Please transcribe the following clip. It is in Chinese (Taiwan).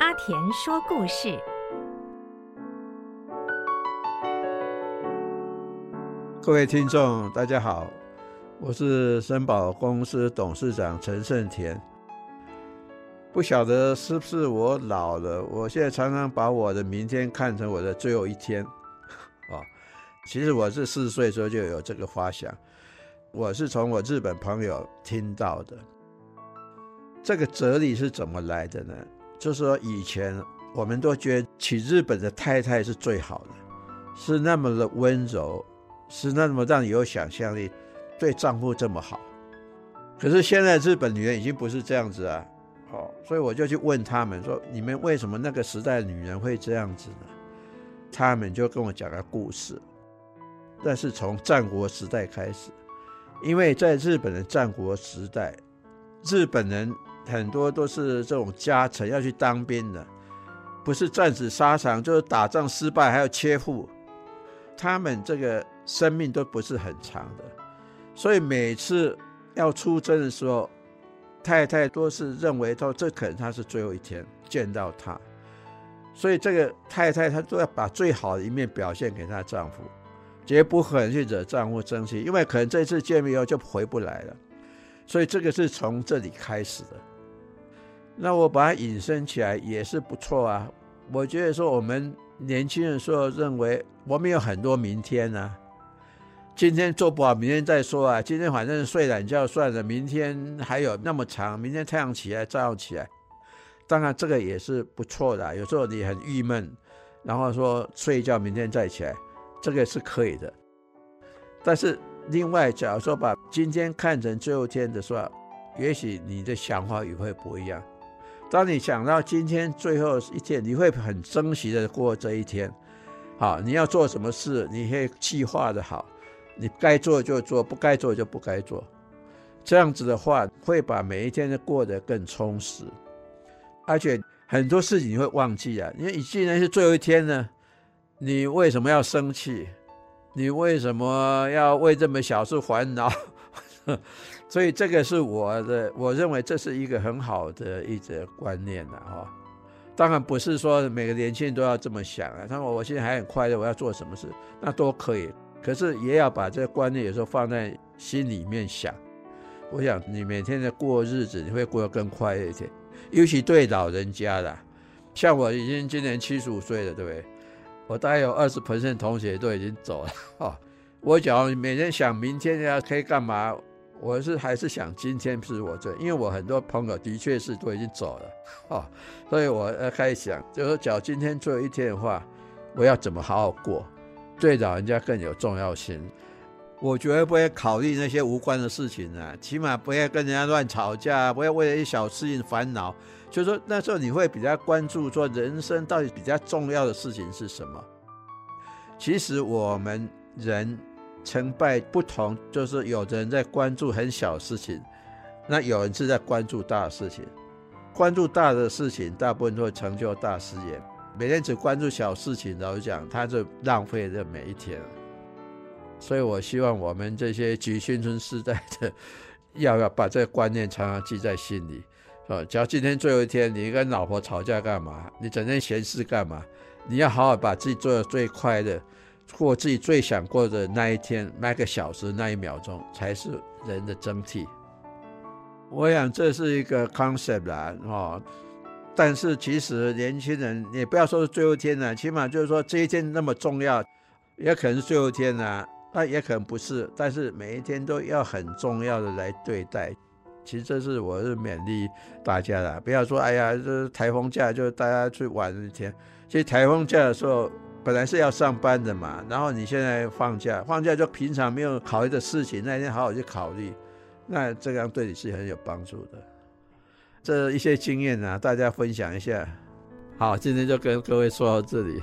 阿沺說故事。各位聽眾，大家好，我是森寶公司董事長陳勝田。不曉得是不是我老了，我現在常常把我的明天看成我的最後一天啊。其實我是四十歲時候就有這個發想，我是從我日本朋友聽到的。這個哲理是怎麼來的呢？就是說，以前我們都覺得娶日本的太太是最好的，是那麼的溫柔，是那麼讓你有想象力，對丈夫這麼好。可是現在日本女人已經不是這樣子啊，好，所以我就去問他們說：你們為什麼那個時代女人會這樣子呢？他們就跟我講個故事。但是從戰國時代開始，因為在日本的戰國時代，日本人。很多都是這種家臣要去當兵的，不是戰死沙場，就是打仗失敗還要切腹，他們這個生命都不是很長的，所以每次要出征的時候，太太都是認為說，這可能她是最後一天見到他，所以這個太太她都要把最好的一面表現給她丈夫，絕不可能去惹丈夫生氣，因為可能這次見面以後就回不來了。所以這個是從這裡開始的，那我把它引申起來也是不錯啊。我覺得說我們年輕的時候認為我們有很多明天呢、啊，今天做不好，明天再說啊。今天反正睡懶覺算了，明天還有那麼長，明天太陽起來照樣起來。當然這個也是不錯的、啊。有時候你很鬱悶，然後說睡一覺，明天再起來，這個是可以的。但是。另外，假如說把今天看成最後一天的話，也許你的想法也會不一樣。當你想到今天最後一天，你會很珍惜的過這一天。好，你要做什麼事，你可以計劃的好。你該做就做，不該做就不該做。這樣子的話，會把每一天都過得更充實。而且很多事情你會忘記啊，因為你既然是最後一天呢。你為什麼要生氣？你為什麼要為這麼小事煩惱？ 所以這個是我的，我認為這是一個很好的一則觀念啦，哈。當然不是說每個年輕人都要這麼想啊。他說：“我現在還很快樂，我要做什麼事那都可以。”可是也要把這個觀念有時候放在心裡面想。我想你每天的過日子，你會過得更快樂一點。尤其對老人家啦，像我已經今年七十五歲了，對不對？我大概有20%的同學都已經走了哈，我只要每天想明天呀可以幹嘛，我是還是想今天是我最，因為我很多朋友的確是都已經走了哈，所以我開始想，就是講今天最後一天的話，我要怎麼好好過，對老人家更有重要性。我絕對不會考慮那些無關的事情啊，起碼不要跟人家亂吵架，不要為了一小事情煩惱。就說那時候你會比較關注說人生到底比較重要的事情是什麼？其實我們人成敗不同，就是有的人在關注很小的事情，那有人是在關注大的事情。關注大的事情，大部分都會成就大事業。每天只關注小事情，然後講他就浪費了每一天。所以，我希望我們這些集青春時代的，要要把這個觀念常常記在心裡啊！只要今天最後一天，你跟老婆吵架幹嘛？你整天閒事幹嘛？你要好好把自己做的最快樂，過自己最想過的那一天，那個小時，那一秒鐘，才是人的真諦。我想這是一個 concept 哦，但是，其實年輕人也不要說是最後一天了，起碼就是說這一天那麼重要，也可能是最後一天啦，啊。那也可能不是，但是每一天都要很重要的來對待。其實這是我是勉勵大家的，不要說哎呀，這、就是、颱風假就大家去玩一天。其實颱風假的時候本來是要上班的嘛，然後你現在放假，放假就平常沒有考慮的事情，那一天好好去考慮，那這樣對你是很有幫助的。這一些經驗啊，大家分享一下。好，今天就跟各位說到這裡。